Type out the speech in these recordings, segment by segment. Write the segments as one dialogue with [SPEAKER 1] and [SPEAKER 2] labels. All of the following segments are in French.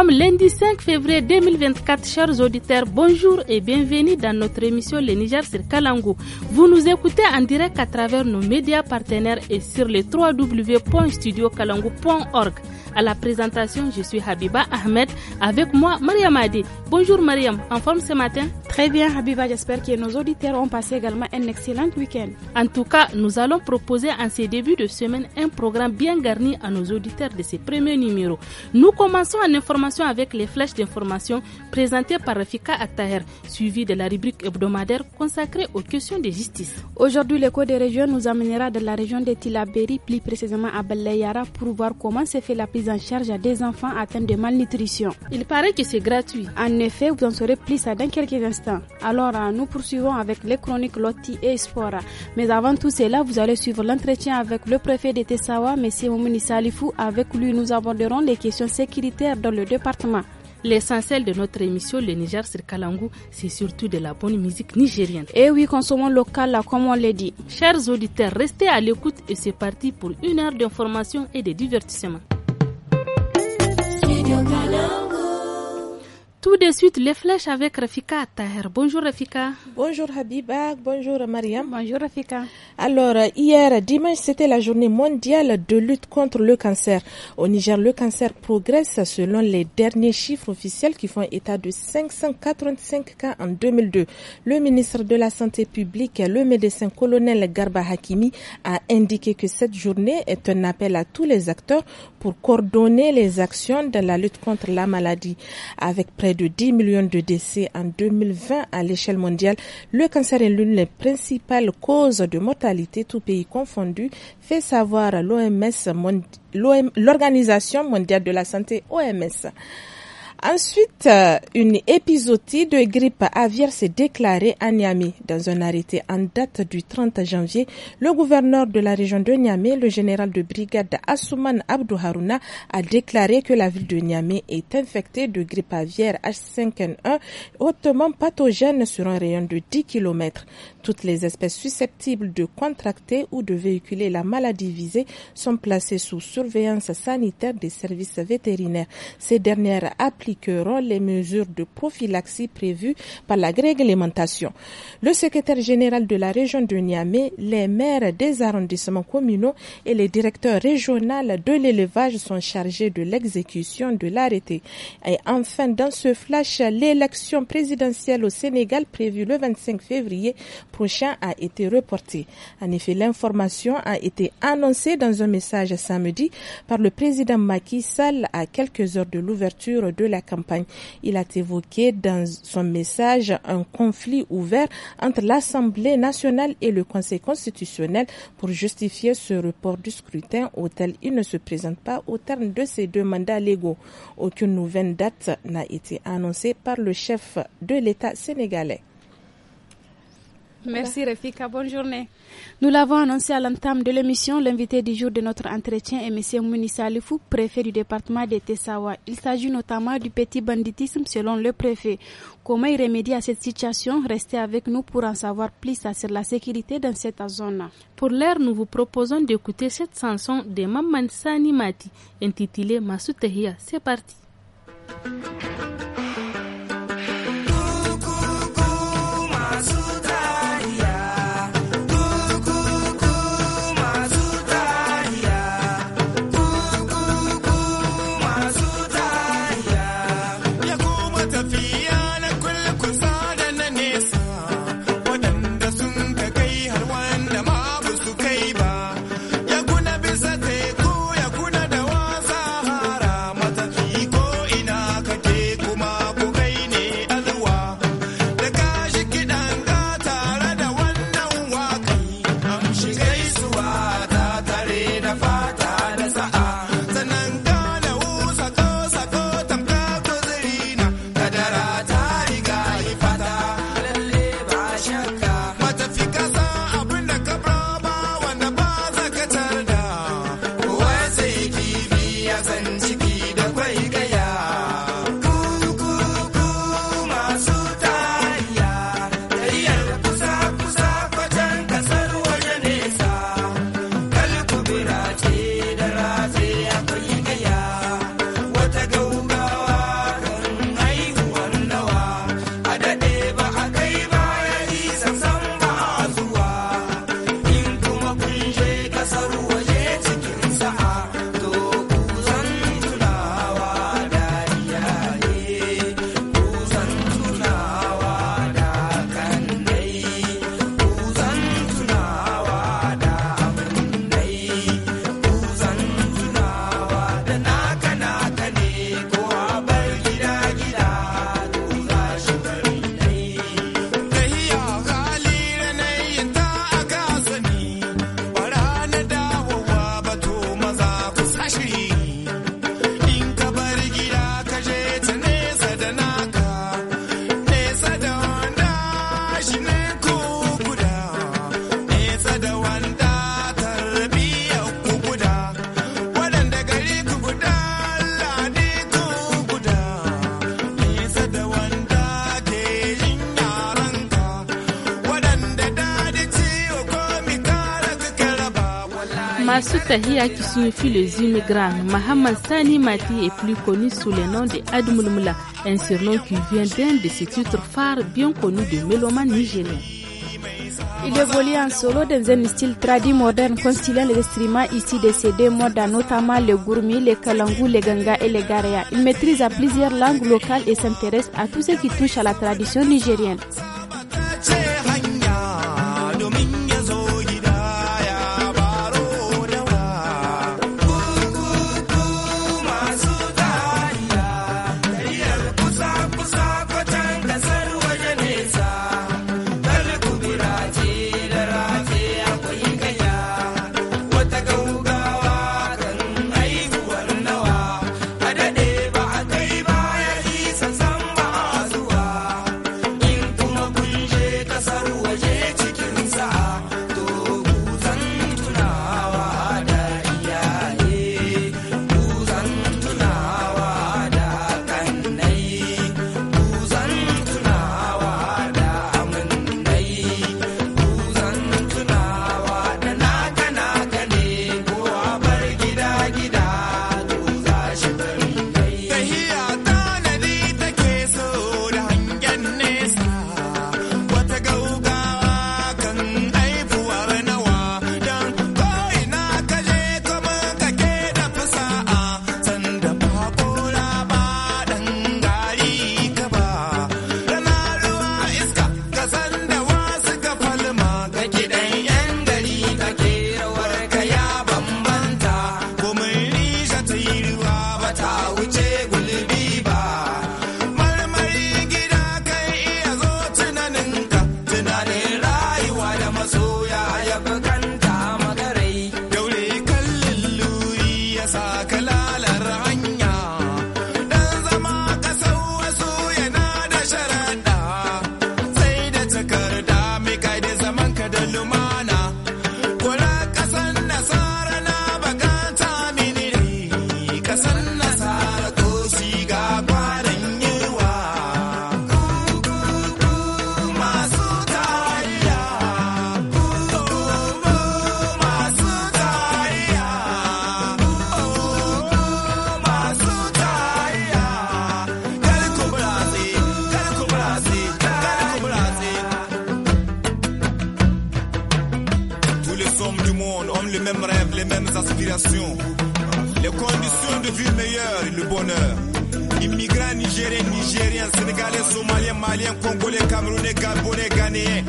[SPEAKER 1] sommes lundi 5 février 2024, chers auditeurs. Bonjour et bienvenue dans notre émission Le Niger sur Kalangou. Vous nous écoutez en direct à travers nos médias partenaires et sur le www.studiokalangu.org. À la présentation, je suis Habiba Ahmed. Avec moi, Mariam Adi. Bonjour Mariam, en forme ce matin Très bien Habiba, j'espère que nos auditeurs ont passé également un excellent week-end. En tout cas, nous allons proposer en ces débuts de semaine un programme bien garni à nos auditeurs de ces premiers numéros. Nous commençons en information avec les flèches d'information présentées par Rafika Attaher, suivie de la rubrique hebdomadaire consacrée aux questions de justice.
[SPEAKER 2] Aujourd'hui, l'écho des régions nous amènera de la région de Tilaberi, plus précisément à Balayara, pour voir comment s'est fait la prise en charge à des enfants atteints de malnutrition. Il paraît que c'est gratuit. En effet, vous en saurez plus dans quelques instants. Alors, euh, nous poursuivons avec les chroniques Lotti et Espora. Mais avant tout cela, vous allez suivre l'entretien avec le préfet de Tessawa, M. Moumini Salifou. Avec lui, nous aborderons les questions sécuritaires dans le département.
[SPEAKER 1] L'essentiel de notre émission, le Niger sur Kalangu, c'est surtout de la bonne musique nigérienne. Et eh oui, consommons local, comme on l'a dit. Chers auditeurs, restez à l'écoute et c'est parti pour une heure d'information et de divertissement. Tout de suite, les flèches avec Rafika Taher. Bonjour Rafika. Bonjour
[SPEAKER 3] Habiba, bonjour Mariam. Bonjour Rafika. Alors, hier, dimanche, c'était la journée mondiale de lutte contre le cancer. Au Niger, le cancer progresse selon les derniers chiffres officiels qui font état de 585 cas en 2002. Le ministre de la Santé publique, le médecin colonel Garba Hakimi, a indiqué que cette journée est un appel à tous les acteurs pour coordonner les actions de la lutte contre la maladie. Avec près de 10 millions de décès en 2020 à l'échelle mondiale, le cancer est l'une des principales causes de mortalité, tout pays confondu, fait savoir l'OMS, l'Organisation mondiale de la santé, OMS. Ensuite, euh, une épisodie de grippe aviaire s'est déclarée à Niamey. Dans un arrêté en date du 30 janvier, le gouverneur de la région de Niamey, le général de brigade Assouman Abdou a déclaré que la ville de Niamey est infectée de grippe aviaire H5N1 hautement pathogène sur un rayon de 10 km. Toutes les espèces susceptibles de contracter ou de véhiculer la maladie visée sont placées sous surveillance sanitaire des services vétérinaires. Ces dernières appliquent appliqueront les mesures de prophylaxie prévues par la réglementation. Le secrétaire général de la région de Niamey, les maires des arrondissements communaux et les directeurs régionaux de l'élevage sont chargés de l'exécution de l'arrêté. Et enfin, dans ce flash, l'élection présidentielle au Sénégal prévue le 25 février prochain a été reportée. En effet, l'information a été annoncée dans un message samedi par le président Macky Sall à quelques heures de l'ouverture de la campagne. Il a évoqué dans son message un conflit ouvert entre l'Assemblée nationale et le Conseil constitutionnel pour justifier ce report du scrutin auquel il ne se présente pas au terme de ses deux mandats légaux. Aucune nouvelle date n'a été annoncée par le chef de l'État sénégalais.
[SPEAKER 2] Merci Refika, bonne journée.
[SPEAKER 3] Nous l'avons annoncé à l'entame de l'émission, l'invité du jour
[SPEAKER 2] de notre entretien est M. Mounissa Alifou, préfet du département de Tessawa. Il s'agit notamment du petit banditisme selon le préfet. Comment il remédie à cette situation Restez avec nous pour en
[SPEAKER 1] savoir plus sur la sécurité dans cette zone. Pour l'heure, nous vous proposons d'écouter cette chanson de Maman Sani Mati intitulée Masutehia. C'est parti. Tahia qui les immigrants. Sani Mati est plus connu sous le nom de Admulmula, un surnom qui vient d'un de ses titres phares bien connus de méloman nigérien.
[SPEAKER 2] Il évolue en solo dans un style tradit moderne conciliant les instruments ici de ses deux modes, notamment le gourmi, le kalangu, le ganga et le garia. Il maîtrise à plusieurs langues locales et s'intéresse à tout ce qui touche à la tradition nigérienne.
[SPEAKER 4] Immigrants nigériens, nigériens, sénégalais, somaliens, maliens, congolais, camerounais, gabonais, ghanéens.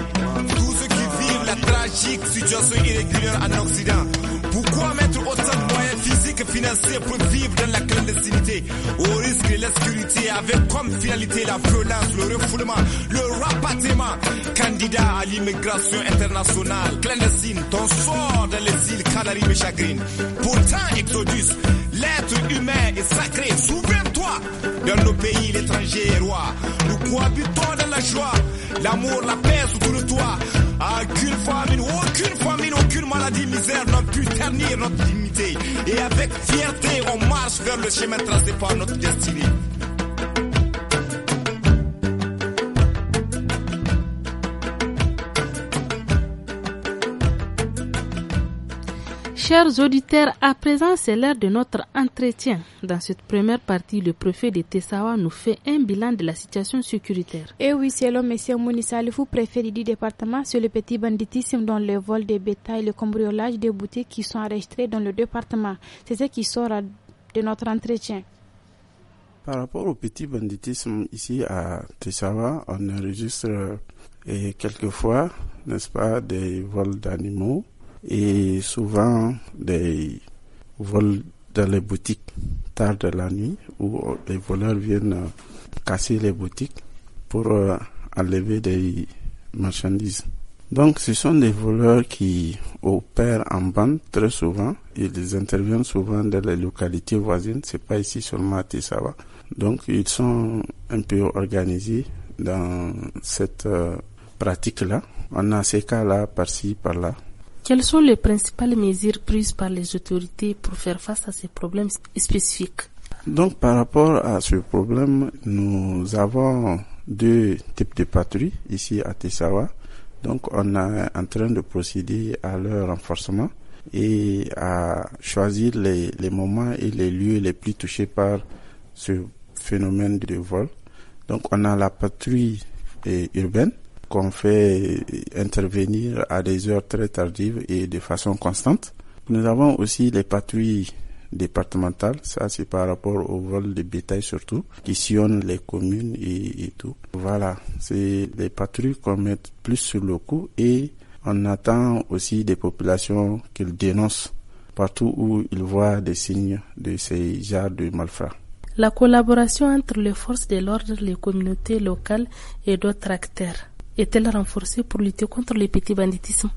[SPEAKER 4] Tous ceux qui vivent la tragique situation irrégulière en Occident. Pourquoi mettre autant de moyens physiques et financiers pour vivre dans la clandestinité Au risque de l'insécurité, avec comme finalité la violence, le refoulement, le rapatriement. Candidat à l'immigration internationale, clandestine, ton sort dans les îles Canaries me chagrine. Pourtant, Exodus, l'être humain est sacré, souverain. Dans nos pays, l'étranger est roi. Nous cohabitons dans la joie, l'amour, la paix sous de toi Aucune famine, aucune famine, aucune maladie, misère n'a pu ternir notre dignité. Et avec fierté, on marche vers le chemin tracé par notre destinée.
[SPEAKER 1] Chers auditeurs, à présent, c'est l'heure de notre entretien. Dans cette première partie, le préfet de Tessawa nous fait un bilan de la situation sécuritaire.
[SPEAKER 2] Et eh oui, c'est l'homme, monsieur Mounissa Alifou, préfet du département, sur le petit banditisme dans le vol des bétails, le cambriolage des boutiques qui sont enregistrés dans le département. C'est ce qui sort de notre entretien.
[SPEAKER 5] Par rapport au petit banditisme ici à Tessawa, on enregistre euh, et quelquefois, n'est-ce pas, des vols d'animaux et souvent des vols dans les boutiques tard de la nuit où les voleurs viennent euh, casser les boutiques pour euh, enlever des marchandises. Donc ce sont des voleurs qui opèrent en bande très souvent. Ils interviennent souvent dans les localités voisines, c'est pas ici seulement à va Donc ils sont un peu organisés dans cette euh, pratique-là. On a ces cas-là par-ci, par-là.
[SPEAKER 1] Quelles sont les principales mesures prises par les autorités pour faire face à ces problèmes spécifiques
[SPEAKER 5] Donc par rapport à ce problème, nous avons deux types de patrouilles ici à Tessawa. Donc on est en train de procéder à leur renforcement et à choisir les, moments et les lieux les plus touchés par ce phénomène de vol. Donc on a la patrouille euh, urbaine qu'on fait intervenir à des heures très tardives et de façon constante. Nous avons aussi les patrouilles départementales, ça c'est par rapport au vol de bétail surtout, qui sillonnent les communes et, tout. Voilà, c'est les patrouilles qu'on met plus sur le coup et on attend aussi des populations qu'ils dénoncent partout où ils voient des signes de ces genres de malfrats.
[SPEAKER 1] La collaboration entre les forces de l'ordre, les communautés locales et d'autres acteurs est-elle renforcée pour lutter contre les petits banditisme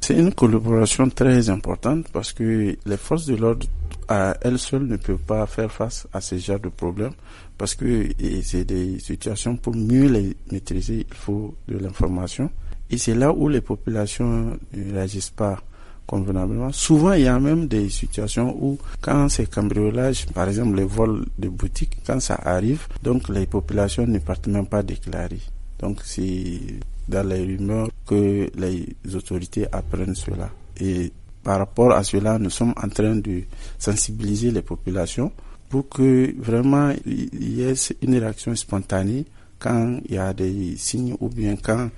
[SPEAKER 5] C'est une collaboration très importante parce que les forces de l'ordre à elles seules ne peuvent pas faire face à ce genre de problèmes parce que c'est des situations pour mieux les maîtriser, il faut de l'information. Et c'est là où les populations ne réagissent pas convenablement. Souvent, il y a même des situations où, quand c'est cambriolage, par exemple les vols de boutiques, quand ça arrive, donc les populations ne partent même pas déclarer. Donc c'est dans les rumeurs que les autorités apprennent cela. Et par rapport à cela, nous sommes en train de sensibiliser les populations pour que vraiment il y ait une réaction spontanée quand il y a des signes ou bien quand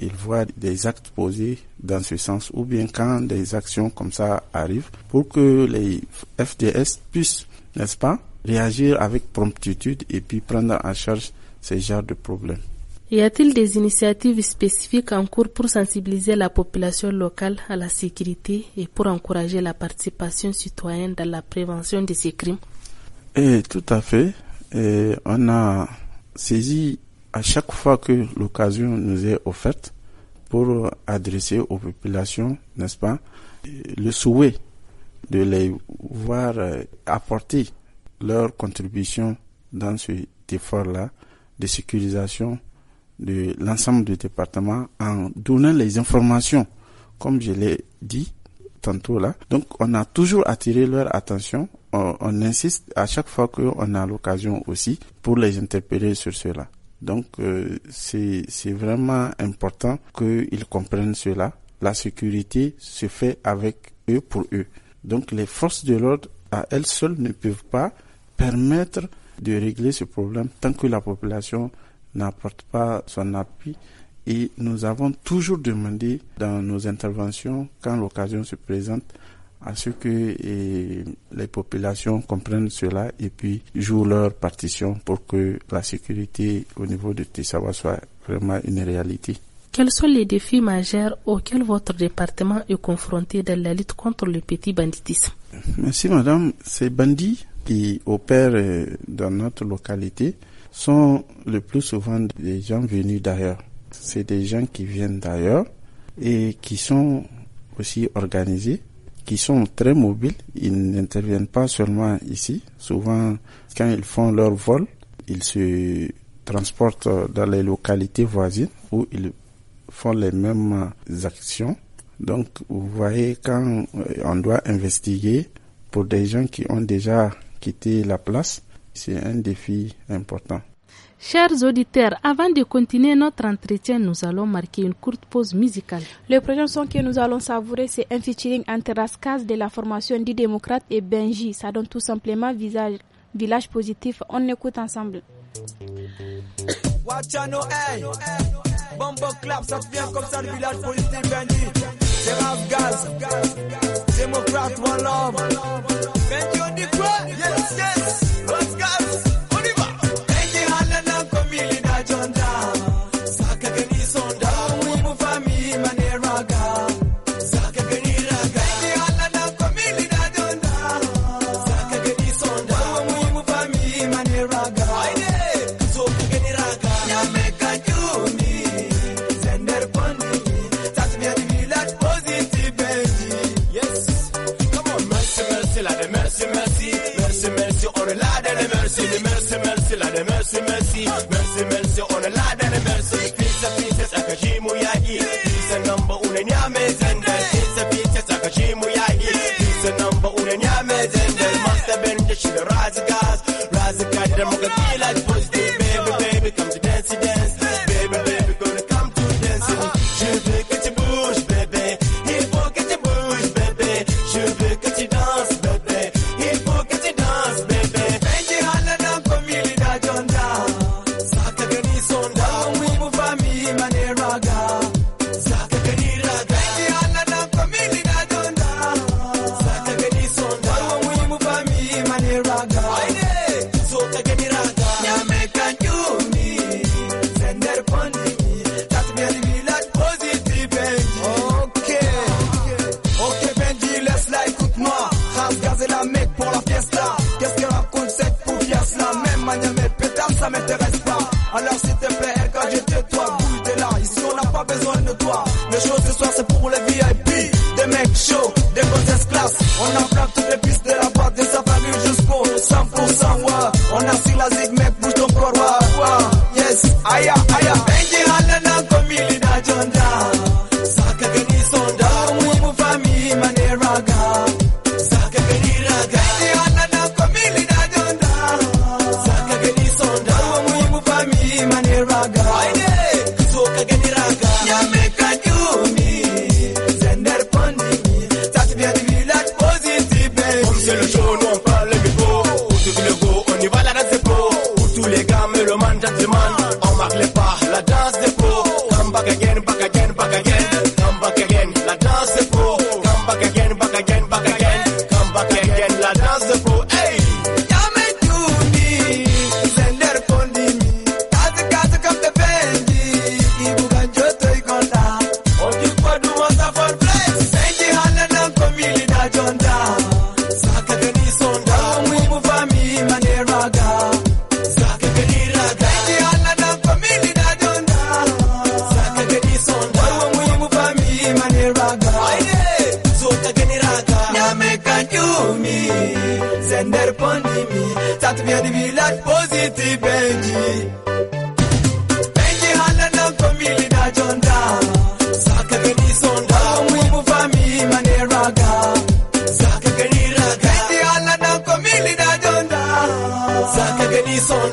[SPEAKER 5] ils voient des actes posés dans ce sens ou bien quand des actions comme ça arrivent pour que les FDS puissent, n'est-ce pas, réagir avec promptitude et puis prendre en charge ces genres de problèmes.
[SPEAKER 1] Y a-t-il des initiatives spécifiques en cours pour sensibiliser la population locale à la sécurité et pour encourager la participation citoyenne dans la prévention de ces crimes
[SPEAKER 5] eh, Tout à fait. Eh, on a saisi à chaque fois que l'occasion nous est offerte pour adresser aux populations, n'est-ce pas, le souhait de les voir eh, apporter leur contribution dans cet effort-là de sécurisation de l'ensemble du département en donnant les informations, comme je l'ai dit tantôt là. Donc, on a toujours attiré leur attention. On, insiste à chaque fois qu'on a l'occasion aussi pour les interpeller sur cela. Donc, euh, c'est vraiment important qu'ils comprennent cela. La sécurité se fait avec eux pour eux. Donc, les forces de l'ordre à elles seules ne peuvent pas permettre de régler ce problème tant que la population n'apporte pas son appui. Et nous avons toujours demandé dans nos interventions, quand l'occasion se présente, à ce que eh, les populations comprennent cela et puis jouent leur partition pour que la sécurité au niveau de Tissawa soit vraiment une réalité.
[SPEAKER 1] Quels sont les défis majeurs auxquels votre département est confronté dans la lutte contre le petit banditisme
[SPEAKER 5] Merci madame. Ces bandits qui opèrent eh, dans notre localité sont le plus souvent des gens venus d'ailleurs. C'est des gens qui viennent d'ailleurs et qui sont aussi organisés, qui sont très mobiles. Ils n'interviennent pas seulement ici. Souvent, quand ils font leur vol, ils se transportent dans les localités voisines où ils font les mêmes actions. Donc, vous voyez, quand on doit investiguer pour des gens qui ont déjà quitté la place, c'est un défi important.
[SPEAKER 1] Chers auditeurs, avant de continuer notre entretien, nous allons marquer une courte pause musicale.
[SPEAKER 2] Le prochain son que nous allons savourer, c'est un featuring entre Rascasse de la formation du démocrate et Benji. Ça donne tout simplement visage, village positif. On écoute ensemble.
[SPEAKER 4] ça comme ça village C'est démocrate, Yes, Yes, yes. Let's go. see.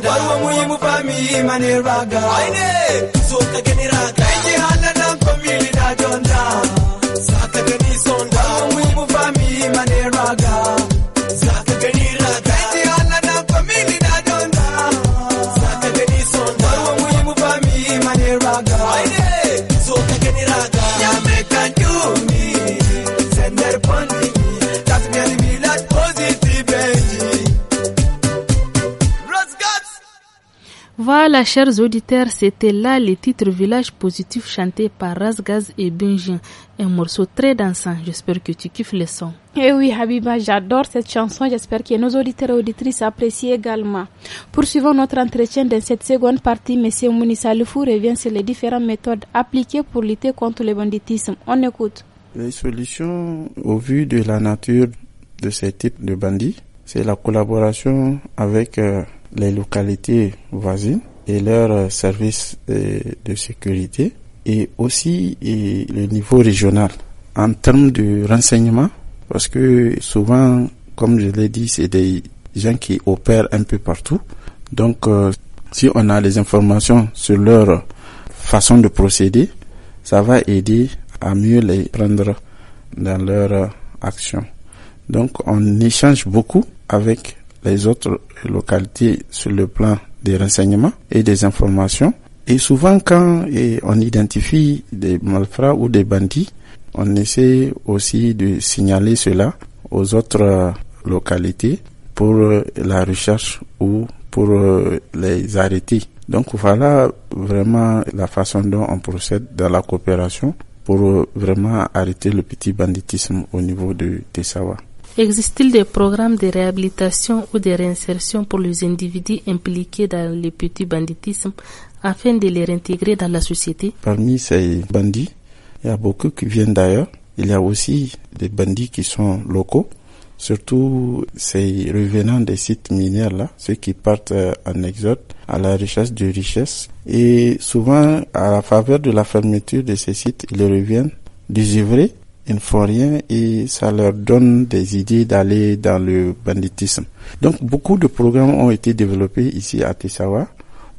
[SPEAKER 4] Darwa muhimu famii maniraga. raaga. Ayine soota gadi raaga. Eenyi haala naan famii lidaa joondaa. Saata gadi soondaa. Darwa muhimu famii.
[SPEAKER 1] Voilà, chers auditeurs, c'était là les titres Village Positif chantés par Razgaz et Benjin. Un morceau très dansant. J'espère que tu kiffes le son.
[SPEAKER 2] Eh oui, Habiba, j'adore cette chanson. J'espère que nos auditeurs et auditrices apprécient également. Poursuivons notre entretien dans cette seconde partie. Monsieur Mounissa Lefou revient sur les différentes méthodes appliquées pour lutter contre le banditisme. On écoute.
[SPEAKER 5] Les solutions, au vu de la nature de ces types de bandits, c'est la collaboration avec euh, les localités voisines et leurs euh, services euh, de sécurité et aussi et le niveau régional en termes de renseignement parce que souvent comme je l'ai dit c'est des gens qui opèrent un peu partout donc euh, si on a les informations sur leur façon de procéder ça va aider à mieux les prendre dans leur action donc on échange beaucoup avec les autres localités sur le plan des renseignements et des informations. Et souvent, quand eh, on identifie des malfrats ou des bandits, on essaie aussi de signaler cela aux autres euh, localités pour euh, la recherche ou pour euh, les arrêter. Donc voilà vraiment la façon dont on procède dans la coopération pour vraiment arrêter le petit banditisme au niveau de Tessawa.
[SPEAKER 1] Existe-t-il des programmes de réhabilitation ou de réinsertion pour les individus impliqués dans le petit banditisme afin de les réintégrer dans la société
[SPEAKER 5] Parmi ces bandits, il y a beaucoup qui viennent d'ailleurs. Il y a aussi des bandits qui sont locaux, surtout ces revenants des sites miniers, là, ceux qui partent euh, en exode à la recherche de richesses. Et souvent, à la faveur de la fermeture de ces sites, ils reviennent désœuvrés ne rien et ça leur donne des idées d'aller dans le banditisme. Donc beaucoup de programmes ont été développés ici à Tessawa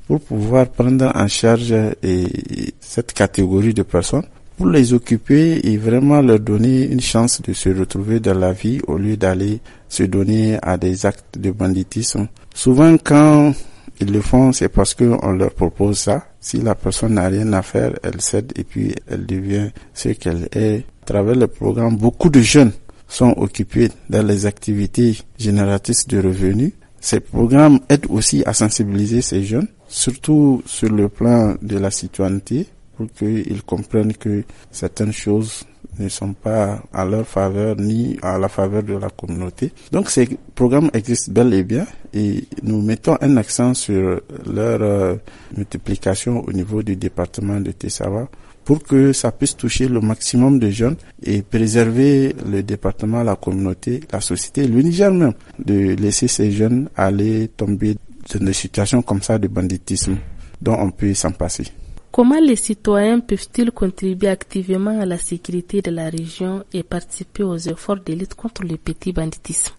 [SPEAKER 5] pour pouvoir prendre en charge eh, cette catégorie de personnes pour les occuper et vraiment leur donner une chance de se retrouver dans la vie au lieu d'aller se donner à des actes de banditisme. Souvent quand ils le font, c'est parce qu'on leur propose ça. Si la personne n'a rien à faire, elle cède et puis elle devient ce qu'elle est à travers le programme, beaucoup de jeunes sont occupés dans les activités génératrices de revenus. Ces programmes aident aussi à sensibiliser ces jeunes, surtout sur le plan de la citoyenneté, pour qu'ils comprennent que certaines choses ne sont pas à leur faveur ni à la faveur de la communauté. Donc ces programmes existent bel et bien et nous mettons un accent sur leur euh, multiplication au niveau du département de Tessava pour que ça puisse toucher le maximum de jeunes et préserver le département, la communauté, la société, le même, de laisser ces jeunes aller tomber dans des situations comme ça de banditisme dont on peut s'en passer.
[SPEAKER 1] Comment les citoyens peuvent-ils contribuer activement à la sécurité de la région et participer aux efforts de lutte contre le petit banditisme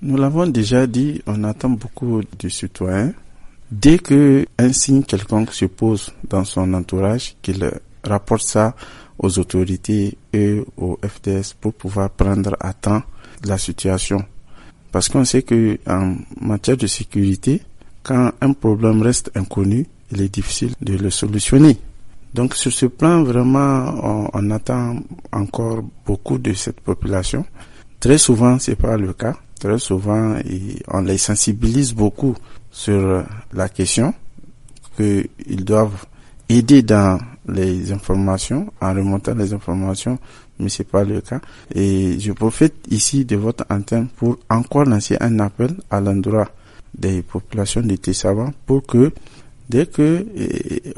[SPEAKER 5] Nous l'avons déjà dit, on attend beaucoup de citoyens. Dès que un signe quelconque se pose dans son entourage qu'il rapporte ça aux autorités et au FDS pour pouvoir prendre à temps la situation. Parce qu'on sait que en matière de sécurité, quand un problème reste inconnu, il est difficile de le solutionner. Donc sur ce plan, vraiment, on, attend encore beaucoup de cette population. Très souvent, c'est pas le cas. Très souvent, on les sensibilise beaucoup sur la question qu'ils doivent aider dans les informations, en remontant les informations, mais c'est pas le cas. Et je profite ici de votre antenne pour encore lancer un appel à l'endroit des populations de Tessava pour que dès que eh,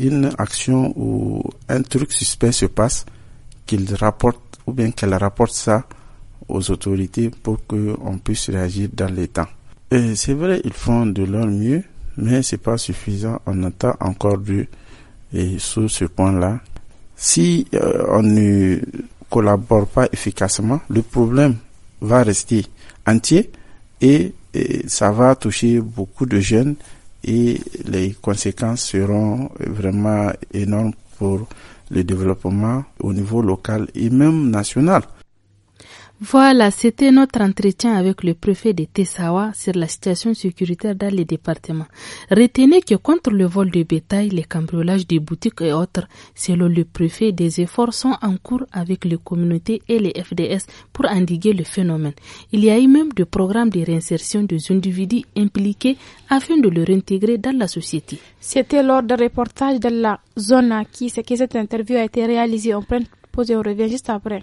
[SPEAKER 5] une action ou un truc suspect se passe, qu'ils rapportent ou bien qu'elle rapporte ça aux autorités pour que on puisse réagir dans les temps. C'est vrai, ils font de leur mieux, mais c'est pas suffisant. On attend encore du et sur ce point-là, si euh, on ne collabore pas efficacement, le problème va rester entier et, ça va toucher beaucoup de jeunes et les conséquences seront vraiment énormes pour le développement au niveau local et même national.
[SPEAKER 1] Voilà, c'était notre entretien avec le préfet de Tessawa sur la situation sécuritaire dans les départements. Retenez que contre le vol de bétail, les cambriolages des boutiques et autres, selon le préfet, des efforts sont en cours avec les communautés et les FDS pour endiguer le phénomène. Il y a eu même des programmes de réinsertion des individus impliqués afin de les réintégrer dans la société.
[SPEAKER 2] C'était lors d'un reportage de la zone à qui c'est que cette interview a été réalisée. On prend pause et on juste après.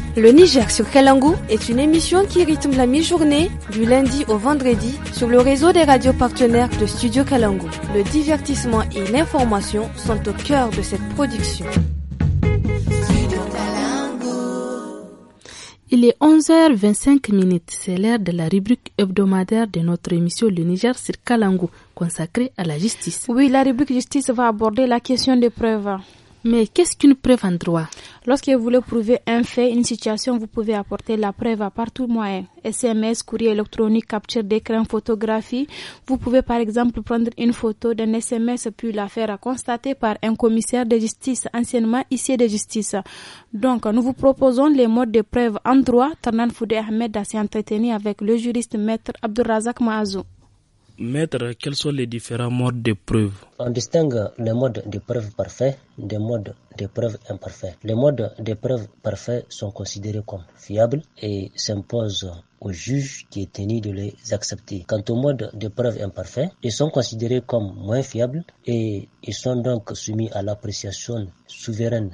[SPEAKER 6] Le Niger sur Kalangu est une émission qui rythme la mi-journée du lundi au vendredi sur le réseau des radios partenaires de Studio Kalangu. Le divertissement et l'information sont au cœur de cette production.
[SPEAKER 1] Il est 11h25 c'est l'heure de la rubrique hebdomadaire de notre émission Le Niger sur Kalangu consacrée à la justice. Oui, la rubrique justice va aborder la question des preuves. Mais qu'est-ce qu'une preuve en droit Lorsque vous voulez prouver un fait, une
[SPEAKER 2] situation, vous pouvez apporter la preuve à partout moyen. Hein. SMS, courrier électronique, capture d'écran, photographie. Vous pouvez par exemple prendre une photo d'un SMS puis la faire constater par un commissaire de justice, anciennement ici de justice. Donc, nous vous proposons les modes de preuve en droit. Tarnan Foudé Ahmed a s'est entretenu avec le juriste maître Abdurrazak Mahazou.
[SPEAKER 7] Maître, quels sont les différents modes de preuve
[SPEAKER 8] On distingue les modes de preuve parfaits des modes de preuve imparfaits. Les modes de preuve parfaits sont considérés comme fiables et s'imposent au juge qui est tenu de les accepter. Quant aux modes de preuve imparfaits, ils sont considérés comme moins fiables et ils sont donc soumis à l'appréciation souveraine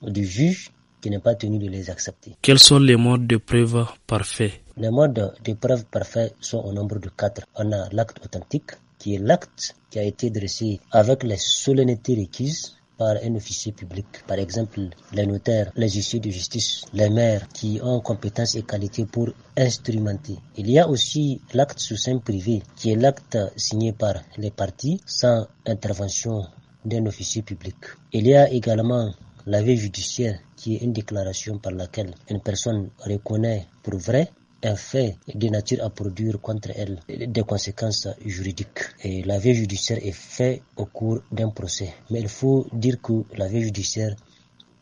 [SPEAKER 8] du juge qui n'est pas tenu de les accepter.
[SPEAKER 7] Quels sont les modes de preuve parfaits
[SPEAKER 8] les modes d'épreuve parfaits sont au nombre de quatre. On a l'acte authentique, qui est l'acte qui a été dressé avec les solennités requises par un officier public. Par exemple, les notaires, les juges de justice, les maires qui ont compétences et qualités pour instrumenter. Il y a aussi l'acte sous sein privé, qui est l'acte signé par les partis sans intervention d'un officier public. Il y a également l'avis judiciaire, qui est une déclaration par laquelle une personne reconnaît pour vrai un fait de nature à produire contre elle des conséquences juridiques. Et la vie judiciaire est fait au cours d'un procès. Mais il faut dire que la vie judiciaire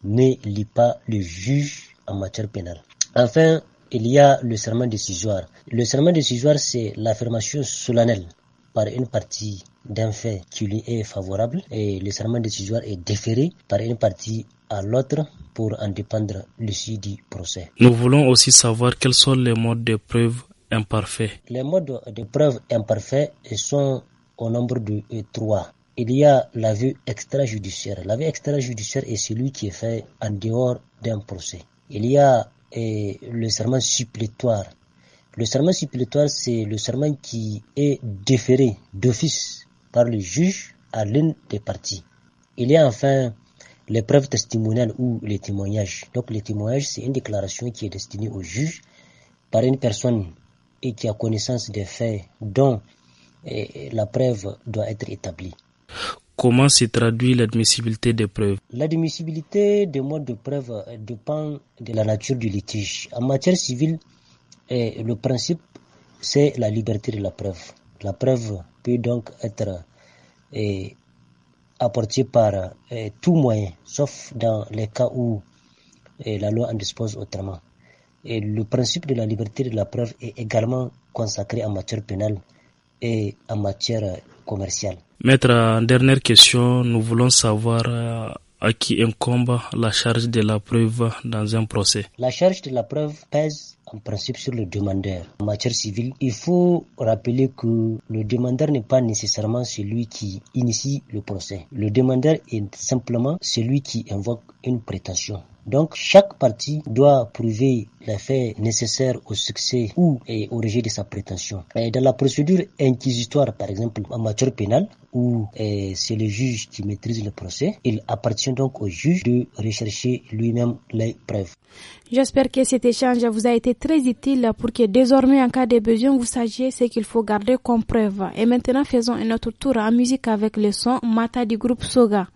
[SPEAKER 8] ne lit pas le juge en matière pénale. Enfin, il y a le serment décisoire. Le serment décisoire, c'est l'affirmation solennelle par une partie d'un fait qui lui est favorable et le serment décisoire est déféré par une partie à l'autre pour en dépendre suivi du procès.
[SPEAKER 7] Nous voulons aussi savoir quels sont les modes de preuve imparfaits.
[SPEAKER 8] Les modes de preuve imparfaits sont au nombre de trois. Il y a la vue extrajudiciaire. La extrajudiciaire est celui qui est fait en dehors d'un procès. Il y a le serment supplétoire. Le serment supplétoire, c'est le serment qui est déféré d'office par le juge à l'une des parties. Il y a enfin les preuves testimoniales ou les témoignages. Donc les témoignages, c'est une déclaration qui est destinée au juge par une personne et qui a connaissance des faits dont eh, la preuve doit être établie.
[SPEAKER 7] Comment se traduit
[SPEAKER 8] l'admissibilité des preuves L'admissibilité des modes de preuve euh, dépend de la nature du litige. En matière civile, eh, le principe, c'est la liberté de la preuve. La preuve peut donc être et, euh, apportée par euh, tout moyen, sauf dans les cas où euh, la loi en dispose autrement. Et le principe de la liberté de la preuve est également consacré en matière pénale et en matière commerciale.
[SPEAKER 7] Maître, dernière question, nous voulons savoir à qui incombe la charge de la preuve dans un procès.
[SPEAKER 8] La charge de la preuve pèse en principe sur le demandeur. En matière civile, il faut rappeler que le demandeur n'est pas nécessairement celui qui initie le procès. Le demandeur est simplement celui qui invoque une prétention. Donc chaque partie doit prouver les faits nécessaires au succès ou au rejet de sa prétention. dans la procédure inquisitoire, par exemple, en matière pénale, où c'est le juge qui maîtrise le procès, il appartient donc au juge de rechercher lui-même les preuves.
[SPEAKER 2] J'espère que cet échange vous a été très utile pour que désormais, en cas de besoin, vous sachiez ce qu'il faut garder comme preuve. Et maintenant, faisons un autre tour en musique avec le son Mata du groupe Soga.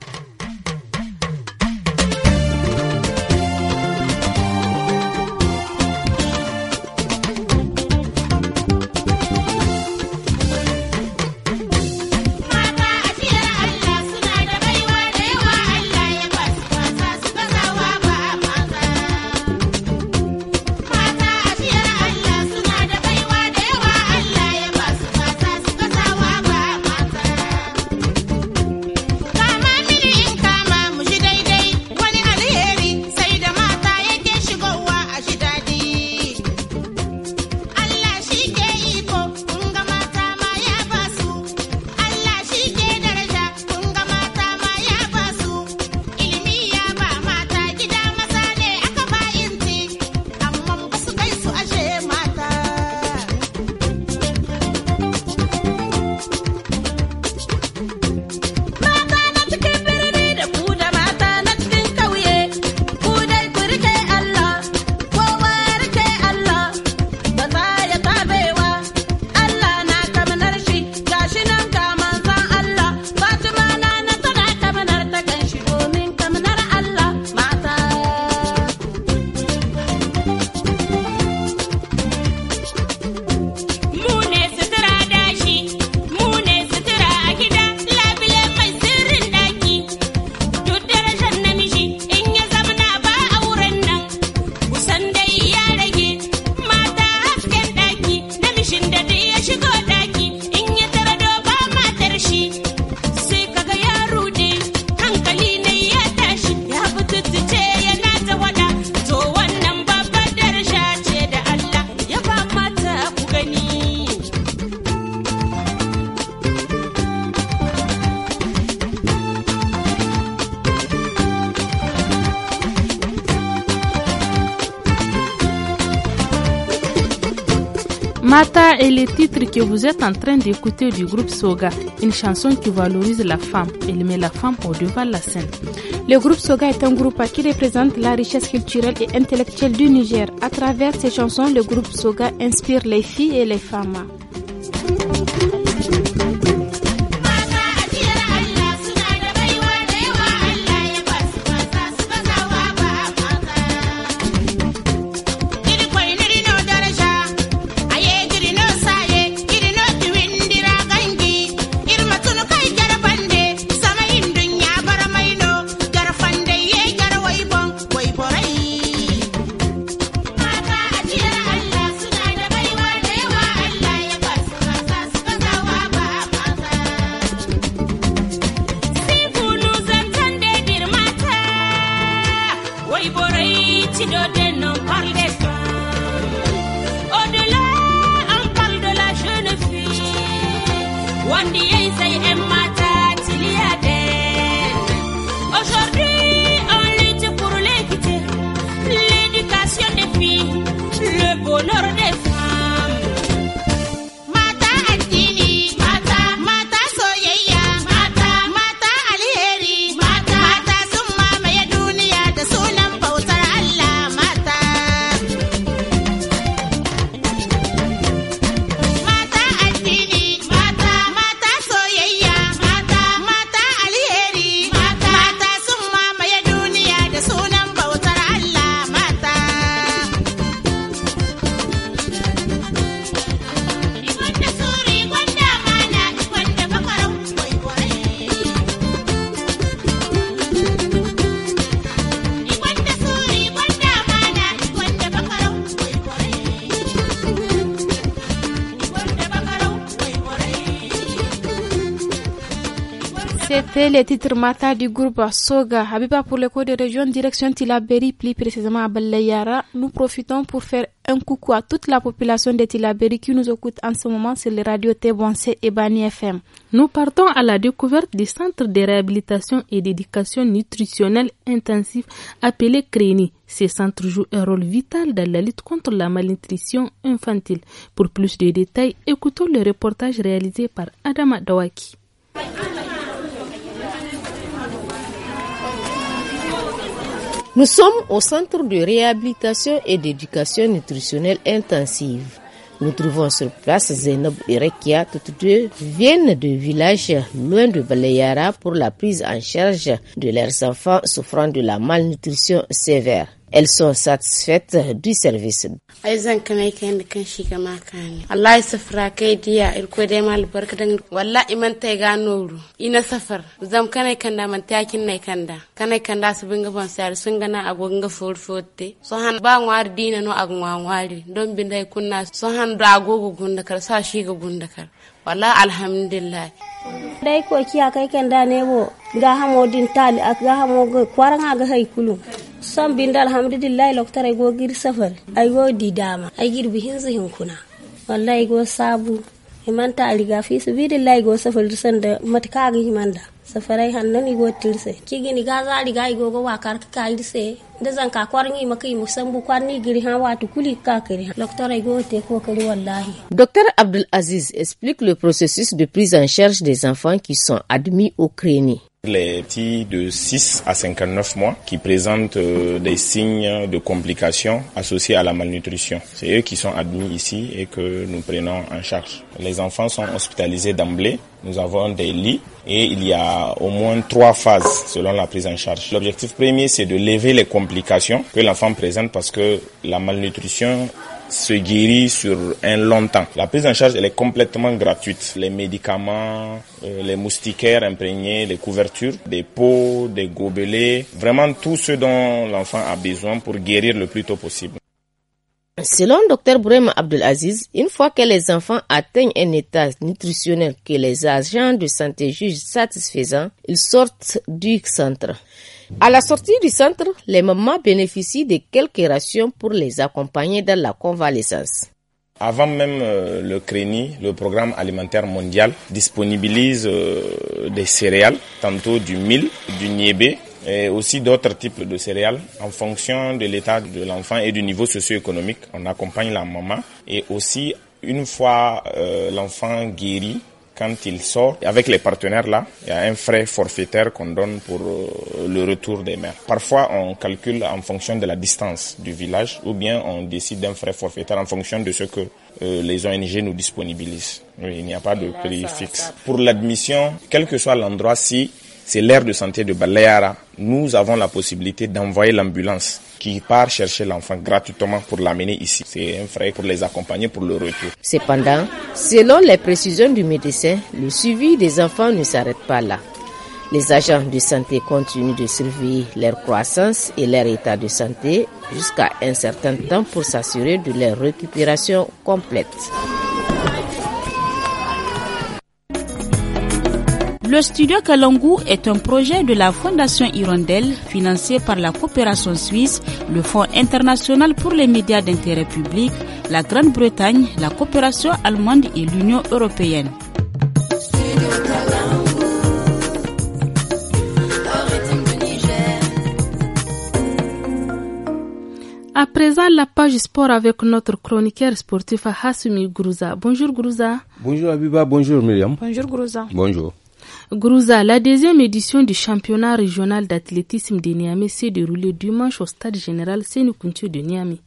[SPEAKER 1] que vous êtes en train d'écouter du groupe Soga, une chanson qui valorise la femme et met la femme au devant de la scène.
[SPEAKER 2] Le groupe Soga est un groupe qui représente la richesse culturelle et intellectuelle du Niger. À travers ses chansons, le groupe Soga inspire les filles et les femmes. les titres du groupe Soga. Habiba pour le code de région, direction Tilaberi, plus précisément à Balayara. Nous profitons pour faire un coucou à toute la population de Tilaberi qui nous écoute en ce moment sur les radios Tébonse
[SPEAKER 1] et Bani FM. Nous partons à la découverte du centre de réhabilitation et d'éducation nutritionnelle intensive appelé CRENI. Ce centre joue un rôle vital dans la lutte contre la malnutrition infantile. Pour plus de détails, écoutons le reportage réalisé par Adama Dawaki.
[SPEAKER 9] Nous sommes au centre de réhabilitation et d'éducation nutritionnelle intensive. Nous trouvons sur place Zenob et Rekia, toutes deux viennent de villages loin de Baleyara pour la prise en charge de leurs enfants souffrant de la malnutrition sévère. Elles sont satisfaites du service.
[SPEAKER 2] aizan zan kana ka yanda kan shi maka ne wallahi safra kai diya irko dai mal barka dan wallahi man tai ga noru ina safar zam kana kan da man takin nai kan da kana kan da su binga ban sar sun gana a agogin ga forfote so han ba ngwar dina no nwa ngwari don bin dai kunna so han da agogo gunda kar sa shi ga gunda kar wallahi alhamdulillah
[SPEAKER 10] dai ko kiya kai kan da nebo ga hamodin tali ga hamo ga kwaran ga haikulu son binda alhamdulillahi loktar ay go gir safar ay go di dama ay gir bihin hin kuna wallahi go sabu himanta a riga fi su bidin layi go safar san da matka ga himanda safarai hannan go tilse kigi ga gaza riga igo go wa kar ka irse da zan ka kwarni makai yi musan bu kwarni giri ha wa kuli ka kiri doktor te ko wallahi
[SPEAKER 9] docteur Abdul Aziz explique le processus de prise en charge des enfants qui sont admis au CRENI
[SPEAKER 11] les petits de 6 à 59 mois qui présentent euh, des signes de complications associées à la malnutrition. C'est eux qui sont admis ici et que nous prenons en charge. Les enfants sont hospitalisés d'emblée. Nous avons des lits et il y a au moins trois phases selon la prise en charge. L'objectif premier, c'est de lever les complications que l'enfant présente parce que la malnutrition se guérit sur un long temps. La prise en charge, elle est complètement gratuite. Les médicaments, euh, les moustiquaires imprégnés, les couvertures, des pots, des gobelets, vraiment tout ce dont l'enfant a besoin pour guérir le plus tôt possible.
[SPEAKER 9] Selon Dr Bourema Abdelaziz,
[SPEAKER 11] une fois que les enfants atteignent un état
[SPEAKER 9] nutritionnel que les agents de santé jugent satisfaisant, ils sortent du centre. À la sortie du centre, les mamans bénéficient de quelques rations pour les accompagner dans la convalescence.
[SPEAKER 11] Avant même euh, le CRENI, le programme alimentaire mondial disponibilise euh, des céréales, tantôt du mil, du niébé et aussi d'autres types de céréales. En fonction de l'état de l'enfant et du niveau socio-économique, on accompagne la maman et aussi une fois euh, l'enfant guéri, quand il sort, avec les partenaires là, il y a un frais forfaitaire qu'on donne pour euh, le retour des mères. Parfois, on calcule en fonction de la distance du village ou bien on décide d'un frais forfaitaire en fonction de ce que euh, les ONG nous disponibilisent. il n'y a pas de prix fixe. Pour l'admission, quel que soit l'endroit, si c'est l'aire de santé de Baleara. Nous avons la possibilité d'envoyer l'ambulance qui part chercher l'enfant gratuitement pour l'amener ici. C'est un frais pour les accompagner pour le retour. Cependant,
[SPEAKER 9] selon les précisions du médecin, le suivi des enfants ne s'arrête pas là. Les agents de santé continuent de surveiller leur croissance et leur état de santé jusqu'à un certain temps pour s'assurer de leur récupération complète. Le studio Kalangu est un projet de la Fondation
[SPEAKER 1] Hirondelle financé par la coopération suisse, le Fonds international pour les médias d'intérêt public, la Grande-Bretagne, la coopération allemande et l'Union européenne. À présent, la page sport avec notre chroniqueur sportif Hassumi Grouza. Bonjour Grouza.
[SPEAKER 12] Bonjour Abiba, bonjour Myriam. Bonjour Grouza. Bonjour.
[SPEAKER 1] Grouza, la deuxième édition du championnat régional d'athlétisme de Niamey s'est déroulée dimanche au stade général Sénoukountiou de Niamey.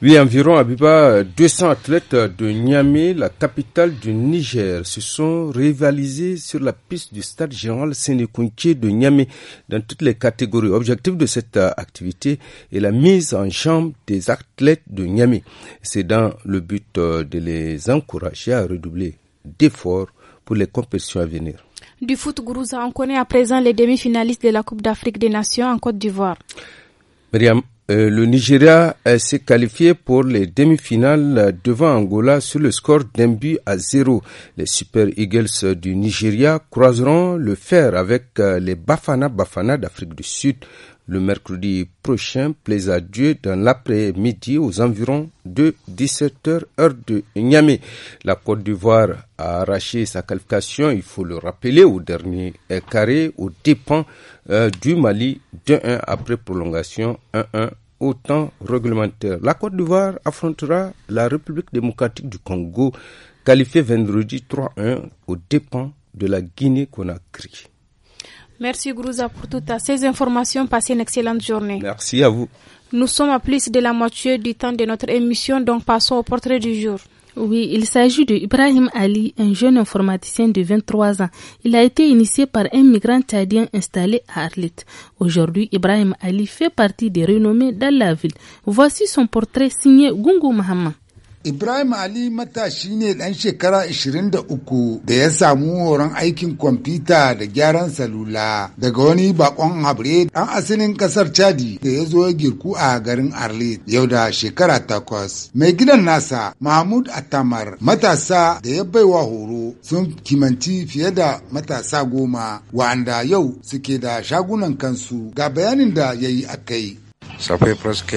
[SPEAKER 12] Oui, environ 200 athlètes de Niamey, la capitale du Niger, se sont rivalisés sur la piste du stade général Sénékountié de Niamey dans toutes les catégories. Objectif de cette euh, activité est la mise en chambre des athlètes de Niamey. C'est dans le but euh, de les encourager à redoubler d'efforts pour les compétitions à venir.
[SPEAKER 2] Du foot, Gourouza, on connaît à présent les demi-finalistes de la Coupe d'Afrique des Nations en Côte d'Ivoire.
[SPEAKER 12] Euh, le Nigeria euh, s'est qualifié pour les demi-finales devant Angola sur le score d'un but à zéro. Les Super Eagles du Nigeria croiseront le fer avec euh, les Bafana Bafana d'Afrique du Sud le mercredi prochain, plaise à Dieu, dans l'après-midi aux environs de 17h heure de Niamey. La Côte d'Ivoire a arraché sa qualification, il faut le rappeler, au dernier carré, au dépens euh, du Mali, 2-1 après prolongation, 1-1 au temps réglementaire. La Côte d'Ivoire affrontera la République démocratique du Congo, qualifiée vendredi 3-1 au dépens de la Guinée-Conakry.
[SPEAKER 2] Merci Grouza pour toutes ces informations. Passez une excellente journée.
[SPEAKER 12] Merci à vous.
[SPEAKER 2] Nous sommes à plus de la moitié du temps de notre
[SPEAKER 1] émission, donc passons au portrait du jour. Oui, il s'agit de Ibrahim Ali, un jeune informaticien de 23 ans. Il a été initié par un migrant tchadien installé à Arlit. Aujourd'hui, Ibrahim Ali fait partie des renommés dans la ville. Voici son portrait signé Gungu Mahama.
[SPEAKER 13] Ibrahim Ali matashi ne ɗan shekara 23 da ya samu horon aikin kwamfuta da gyaran salula daga wani bakon habre ɗan asalin ƙasar Chadi da ya zo girku a garin Arlit yau da shekara takwas. Mai gidan nasa Mahmud Atamar matasa da ya baiwa horo sun kimanci fiye da matasa goma wa'anda yau suke da shagunan kansu ga bayanin da ya yi a kai. Ça fait presque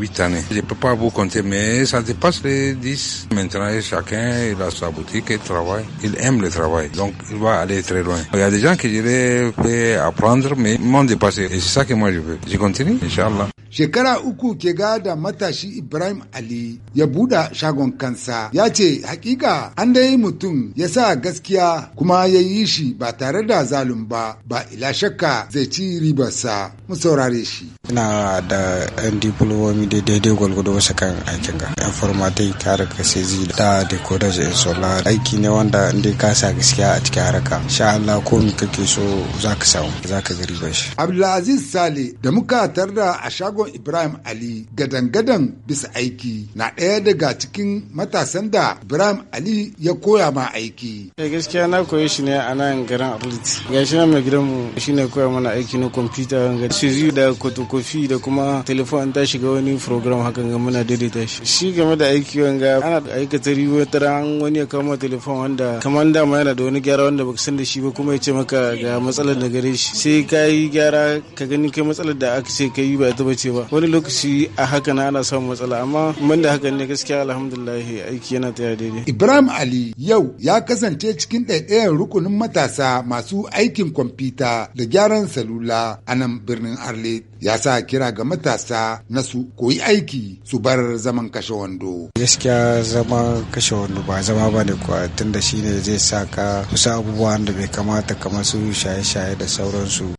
[SPEAKER 13] huit années. Je peux pas vous compter, mais ça dépasse les dix. Maintenant, chacun, il a sa boutique, et travaille. Il aime le travail, donc il va aller très loin. Il y a des gens qui je apprendre, mais ils m'ont dépassé. Et c'est ça que moi je veux. Je continue, Inch'Allah. Shekara uku ke gada matashi Ibrahim Ali ya buɗe shagon kansa. Ya ce, hakika an dai mutum ya sa gaskiya kuma ya yi shi ba tare da zalun ba, ba ila shakka zai ci ribarsa. Mu saurare shi.
[SPEAKER 8] Ina da yan diplomomi daidai gwalgwado wasu kan aikin ga. Informatik, harkar sezi da dekodar insola. Aiki ne wanda inda ka sa gaskiya a cikin haraka. Sha Allah komi kake so za ka samu, za ka ga ribar shi.
[SPEAKER 13] Abdulaziz Sale da muka tarda a shagon Ango Ibrahim Ali gadan-gadan bisa aiki na ɗaya daga cikin matasan da Ibrahim Ali ya koya ma aiki.
[SPEAKER 5] Ya eh, gaskiya na koyi shi ne a nan garin Arlit. Ga shi na mai gidanmu shi ne koya mana aiki na kwamfuta ga da kotokofi da kuma telefon an tashi ga wani program hakan ga muna daidaita shi. Shi game da aiki wanga ana aikata riwo tara an wani ya kama telefon wanda kamar ma yana da wani gyara wanda baka san da shi ba kuma ya ce maka ga matsalar da gare shi. Sai ka yi gyara ka gani kai matsalar da aka ce ka yi ba ta bace ce ba wani lokaci a haka na ana samun matsala amma mun da haka ne gaskiya alhamdulillah aiki yana taya daidai ibrahim
[SPEAKER 13] ali yau ya kasance cikin ɗaiɗayan rukunin matasa masu aikin kwamfuta da gyaran salula a nan birnin arlet ya sa kira ga matasa na su koyi aiki su bar zaman kashe wando
[SPEAKER 5] gaskiya zama kashe wando ba zama ba ne kuwa tunda shine zai sa
[SPEAKER 8] ka kusa abubuwan da bai kamata kamar su shaye-shaye da sauransu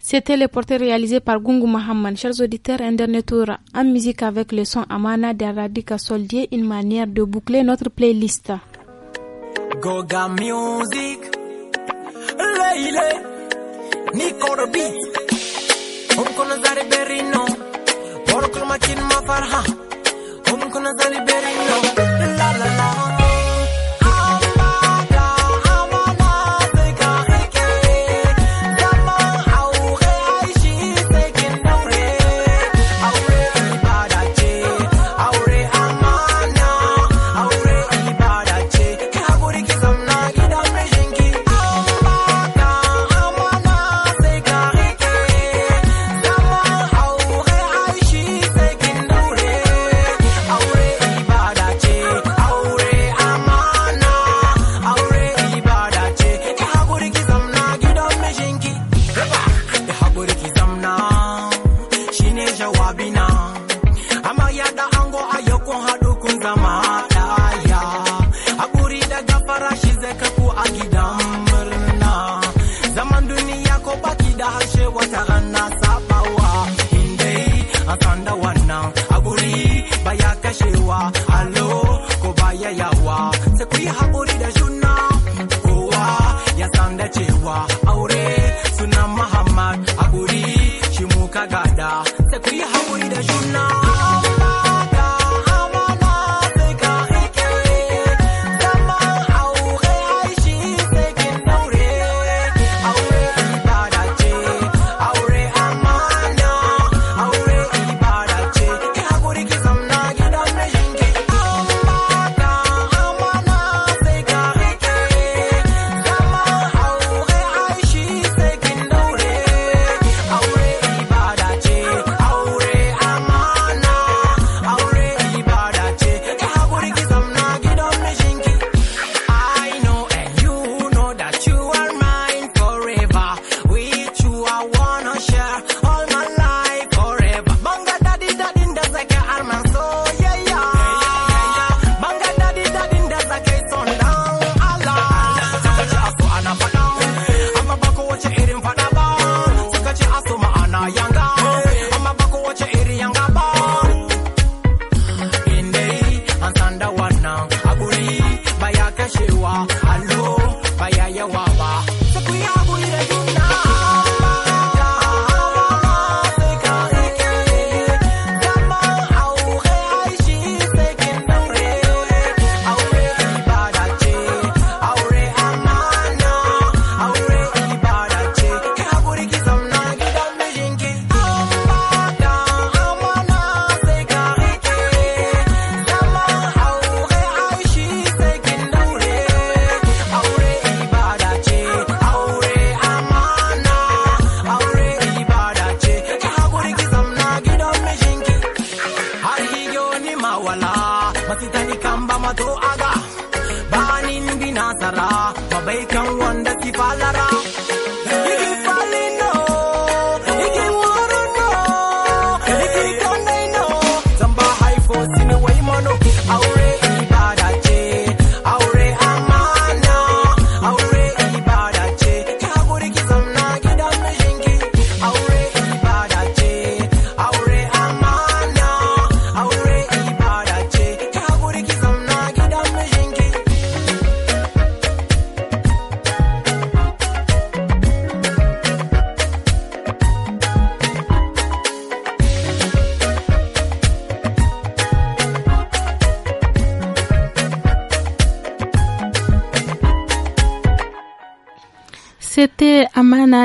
[SPEAKER 2] C'était le portrait réalisé par Gungu Mahaman. Chers auditeurs, un dernier tour en musique avec le son Amana d'Aradika Soldier, une manière de boucler notre playlist.
[SPEAKER 7] Goga
[SPEAKER 4] Music, Berino.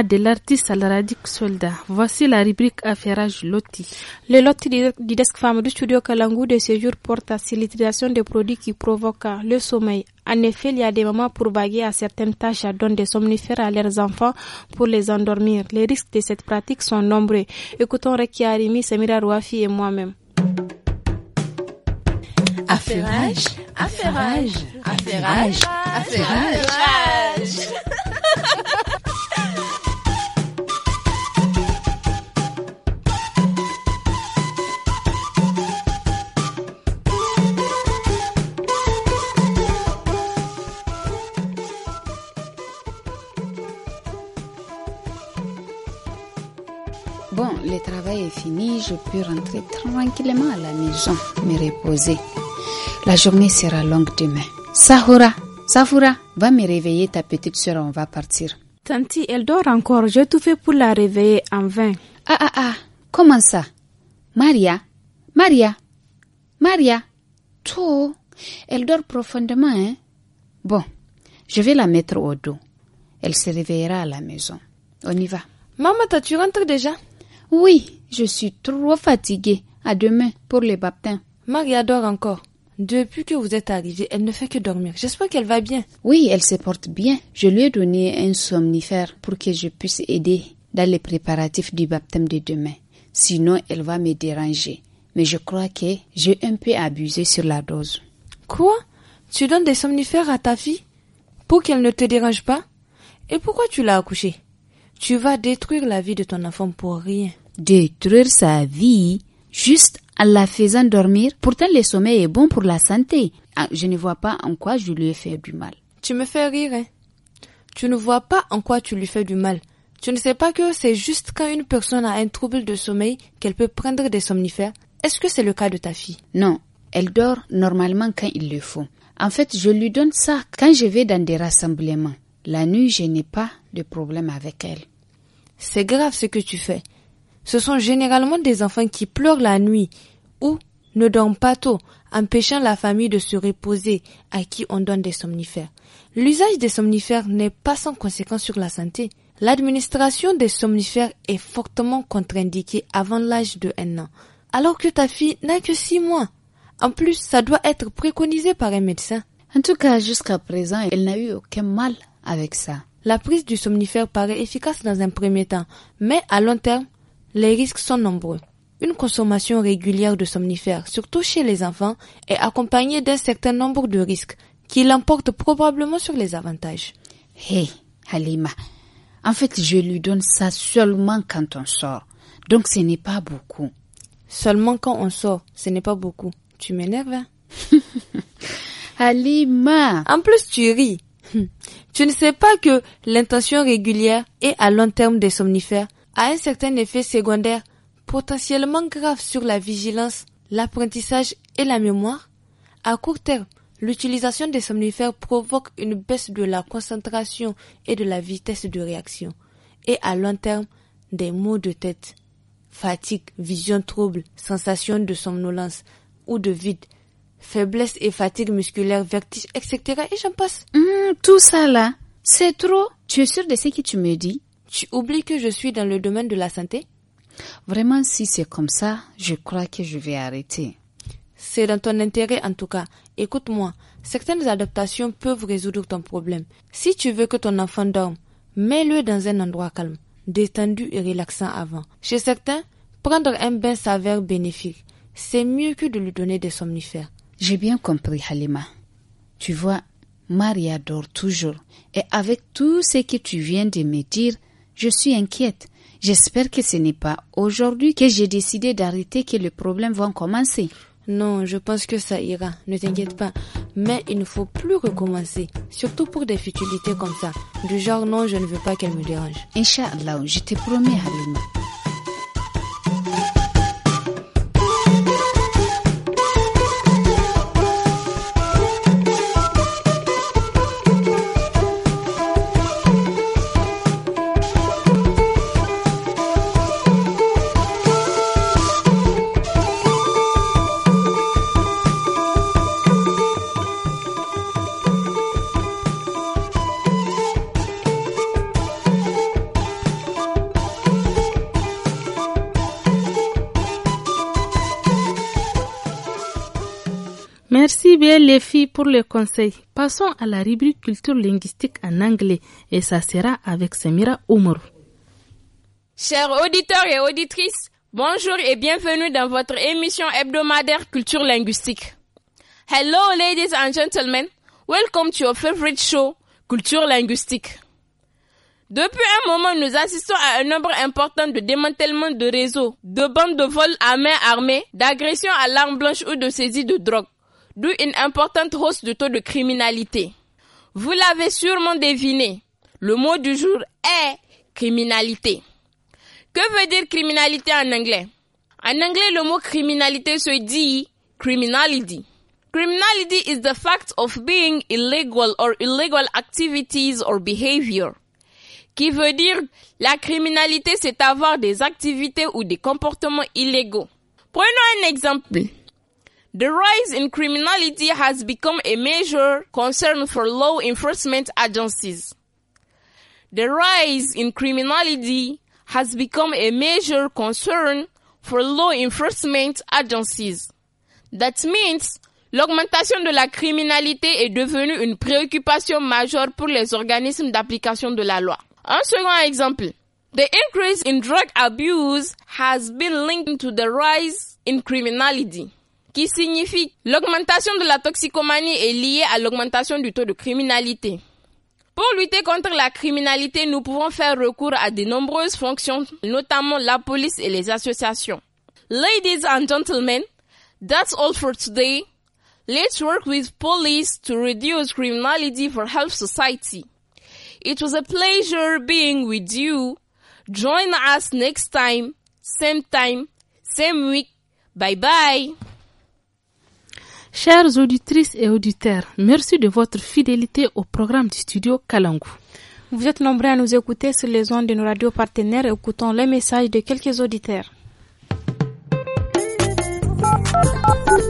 [SPEAKER 1] de l'artiste radique Solda. Voici la rubrique Affairage Loti. Le Loti du desk femme du studio Kalangu de ce
[SPEAKER 2] jour porte à l'utilisation des produits qui provoquent le sommeil. En effet, il y a des mamans pour baguer à certaines tâches, donner des somnifères à leurs enfants pour les endormir. Les risques de cette pratique sont nombreux. Écoutons Rekia Arimi, Samira Rouafi et moi-même.
[SPEAKER 6] Affairage, affairage, affairage,
[SPEAKER 7] affairage.
[SPEAKER 14] le travail est fini, je peux rentrer tranquillement à la maison, me reposer. La journée sera longue demain. Sahura, Sahura, va me réveiller ta petite soeur, on va partir.
[SPEAKER 2] Tanti, elle dort encore, j'ai tout fait pour la réveiller en
[SPEAKER 14] vain. Ah ah ah, comment ça Maria, Maria, Maria, tout. Elle dort profondément, hein Bon, je vais la mettre au dos. Elle se réveillera à la maison. On y va. Maman, tu rentres déjà oui, je suis trop fatiguée. À demain pour le baptême. Marie dort encore. Depuis que vous êtes arrivée, elle ne fait que dormir. J'espère qu'elle va bien. Oui, elle se porte bien. Je lui ai donné un somnifère pour que je puisse aider dans les préparatifs du baptême de demain. Sinon, elle va me déranger. Mais je crois que j'ai un peu abusé sur la dose.
[SPEAKER 6] Quoi Tu donnes des somnifères à ta fille pour qu'elle ne te dérange pas Et pourquoi tu l'as accouchée Tu vas détruire la vie de ton enfant pour rien détruire sa vie juste en la faisant dormir. Pourtant,
[SPEAKER 14] le sommeil est bon pour la santé. Ah, je ne vois pas en quoi je lui ai fait du mal.
[SPEAKER 6] Tu me fais rire. Hein. Tu ne vois pas en quoi tu lui fais du mal. Tu ne sais pas que c'est juste quand une personne a un trouble de sommeil qu'elle peut prendre des somnifères. Est-ce que c'est le cas de ta fille
[SPEAKER 14] Non, elle dort normalement quand il le faut. En fait, je lui donne ça quand je vais dans des rassemblements. La nuit, je n'ai pas de problème avec elle. C'est grave ce que tu fais.
[SPEAKER 6] Ce sont généralement des enfants qui pleurent la nuit ou ne dorment pas tôt, empêchant la famille de se reposer, à qui on donne des somnifères. L'usage des somnifères n'est pas sans conséquence sur la santé. L'administration des somnifères est fortement contre-indiquée avant l'âge de un an, alors que ta fille n'a que six mois. En plus, ça doit être préconisé par un médecin. En tout cas, jusqu'à présent, elle n'a eu aucun mal avec ça. La prise du somnifère paraît efficace dans un premier temps, mais à long terme, les risques sont nombreux. Une consommation régulière de somnifères, surtout chez les enfants, est accompagnée d'un certain nombre de risques qui l'emportent probablement sur les avantages.
[SPEAKER 14] Hé, hey, Halima, en fait, je lui donne ça seulement quand on
[SPEAKER 6] sort. Donc ce n'est pas beaucoup. Seulement quand on sort, ce n'est pas beaucoup. Tu m'énerves, hein? Halima. En plus, tu ris. Tu ne sais pas que l'intention régulière et à long terme des somnifères a un certain effet secondaire potentiellement grave sur la vigilance, l'apprentissage et la mémoire. À court terme, l'utilisation des somnifères provoque une baisse de la concentration et de la vitesse de réaction, et à long terme, des maux de tête, fatigue, vision trouble, sensation de somnolence ou de vide, faiblesse et fatigue musculaire, vertige, etc. Et j'en passe. Hum, tout ça là, c'est trop. Tu es sûr de ce que tu me dis tu oublies que je suis dans le domaine de la santé
[SPEAKER 14] Vraiment, si c'est comme ça, je crois que je vais arrêter.
[SPEAKER 6] C'est dans ton intérêt en tout cas. Écoute-moi, certaines adaptations peuvent résoudre ton problème. Si tu veux que ton enfant dorme, mets-le dans un endroit calme, détendu et relaxant avant. Chez certains, prendre un bain s'avère bénéfique. C'est mieux que de lui donner des somnifères.
[SPEAKER 14] J'ai bien compris, Halima. Tu vois, Maria dort toujours. Et avec tout ce que tu viens de me dire, je suis inquiète. J'espère que ce n'est pas aujourd'hui que j'ai décidé d'arrêter que les problèmes vont commencer. Non, je pense
[SPEAKER 6] que ça ira. Ne t'inquiète pas. Mais il ne faut plus recommencer, surtout pour des futilités comme ça. Du genre non, je ne veux pas qu'elle me dérange. Inch'Allah, je te promets, Halima.
[SPEAKER 1] Merci bien les filles pour le conseil. Passons à la rubrique culture linguistique en anglais et ça sera avec Samira Oumourou.
[SPEAKER 15] Chers auditeurs et auditrices, bonjour et bienvenue dans votre émission hebdomadaire culture linguistique. Hello ladies and gentlemen, welcome to your favorite show, culture linguistique. Depuis un moment, nous assistons à un nombre important de démantèlements de réseaux, de bandes de vol à main armée, d'agressions à l'arme blanche ou de saisie de drogue d'où une importante hausse du taux de criminalité. Vous l'avez sûrement deviné, le mot du jour est criminalité. Que veut dire criminalité en anglais En anglais, le mot criminalité se dit criminality. Criminality is the fact of being illegal or illegal activities or behavior. Qui veut dire la criminalité, c'est avoir des activités ou des comportements illégaux. Prenons un exemple. The rise in criminality has become a major concern for law enforcement agencies. The rise in criminality has become a major concern for law enforcement agencies. That means l'augmentation de la criminalité est devenue une préoccupation majeure pour les organismes d'application de la loi. Un second exemple. The increase in drug abuse has been linked to the rise in criminality qui signifie l'augmentation de la toxicomanie est liée à l'augmentation du taux de criminalité. Pour lutter contre la criminalité, nous pouvons faire recours à de nombreuses fonctions, notamment la police et les associations. Ladies and gentlemen, that's all for today. Let's work with police to reduce criminality for health society. It was a pleasure being with you. Join us next time, same time, same week. Bye bye.
[SPEAKER 1] Chères auditrices et auditeurs, merci de votre fidélité au programme du studio Kalangu. Vous êtes nombreux à nous écouter sur les ondes de nos radios partenaires. Écoutons les messages de
[SPEAKER 6] quelques auditeurs.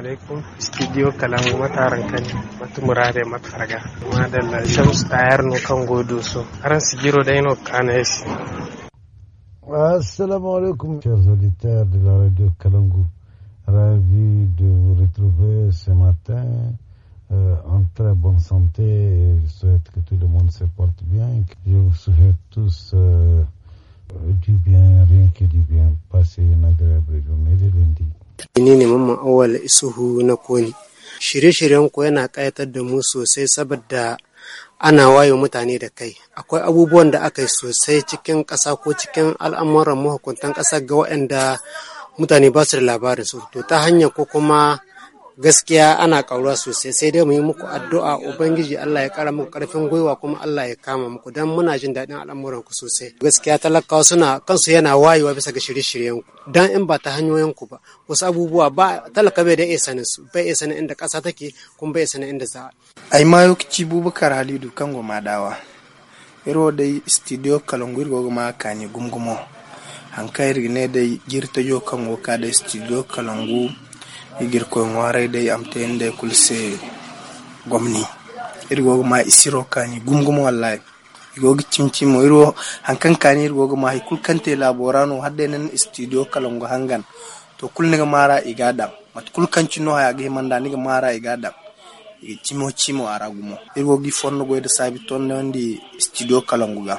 [SPEAKER 7] alaikum studio kalangu mataran kan matu murade mat farga madalla shams tayar no kan godo so aran sigiro dai no kanes
[SPEAKER 5] assalamu chers auditeurs de la radio kalangu ravi de vous retrouver ce matin euh, en très bonne santé et je souhaite que tout le monde se porte bien je vous souhaite tous euh, du bien, rien que du bien. Passez une agréable journée de
[SPEAKER 7] lundi.
[SPEAKER 8] Ni ne Mamman Awal Isuhu na Koni. Shirye-shiryen ku yana ƙayatar da mu sosai saboda ana wayo mutane da kai. Akwai abubuwan da aka yi sosai cikin ƙasa ko cikin al'amuran mahukuntan ƙasa ga waɗanda mutane ba su da labarin su. To ta hanya ko kuma gaskiya ana ƙaura sosai sai dai mu yi muku addu'a ubangiji Allah ya ƙara muku ƙarfin gwiwa kuma Allah ya kama muku dan muna jin daɗin al'amuran ku sosai gaskiya talakawa suna kansu yana wayewa bisa ga shirye-shiryen ku dan in ba ta hanyoyin ku ba wasu abubuwa ba talaka bai da iya sanin su bai iya sanin inda ƙasa take kuma bai iya sanin inda za
[SPEAKER 7] ai ma yokici bubakar halidu kan goma dawa iro dai studio kalongwir goma ne gungumo hankali ne dai girta yau kan woka dai studio kalangu ko ŋwaray day amteyen day kul se gomni irgoga ma isiro kani gumgum wallahi igoga cimcimo irwo hankan kani irgoga ma hay kul kante laborano hadde nan studio kalongo hangan to kul ne mara igada mat kul no haya ge manda ni mara igada dan iga cimo cimo ara gumo gi fonno de sabi ne wondi studio kalongo ga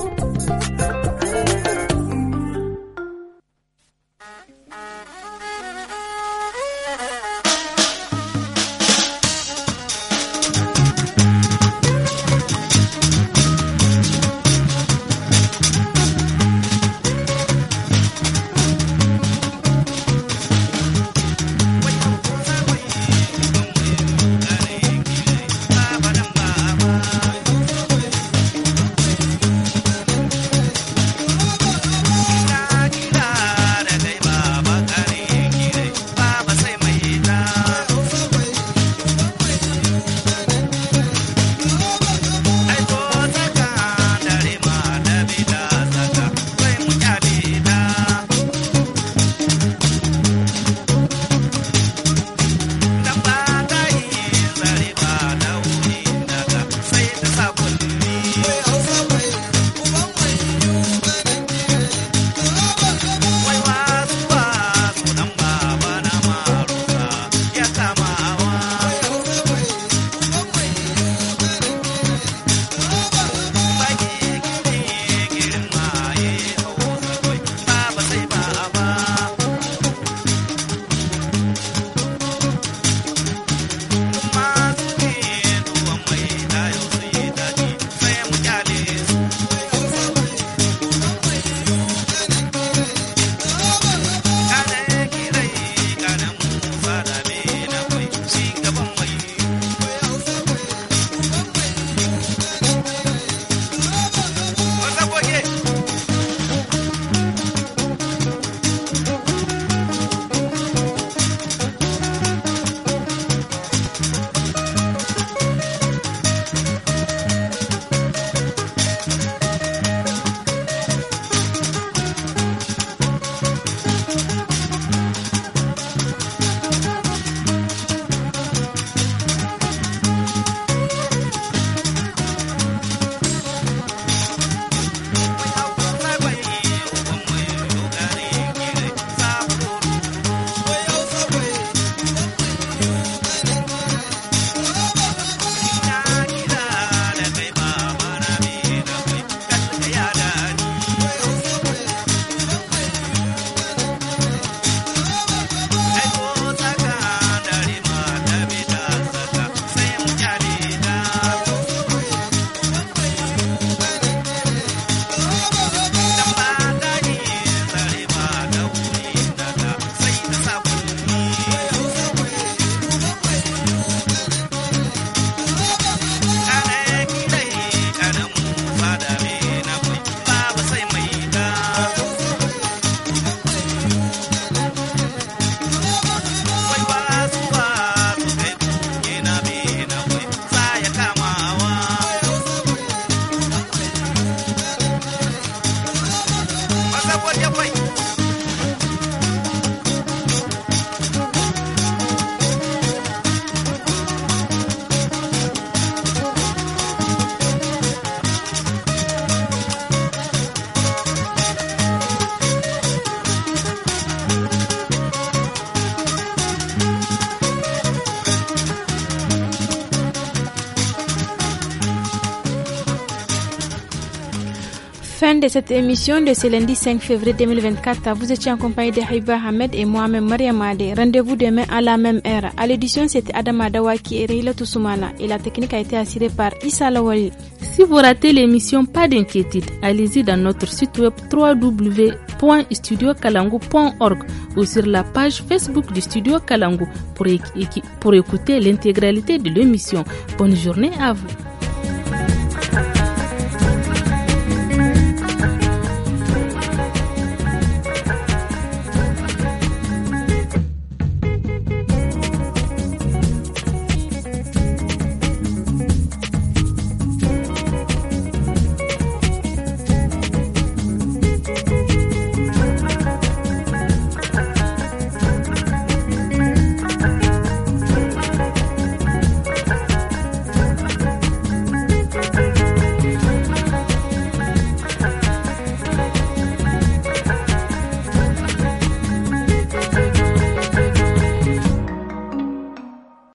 [SPEAKER 2] de cette émission de ce lundi 5 février 2024. Vous étiez en compagnie de Haïba Hamed et moi-même Maria Rendez-vous demain à la même heure. À l'édition, c'était Adam Adawaki et Rila Toussoumana. Et la technique a été
[SPEAKER 1] assurée par Issa Lawali. Si vous ratez l'émission, pas d'inquiétude. Allez-y dans notre site web www.studiokalangu.org ou sur la page Facebook du Studio Kalangu pour écouter l'intégralité de l'émission. Bonne journée à vous.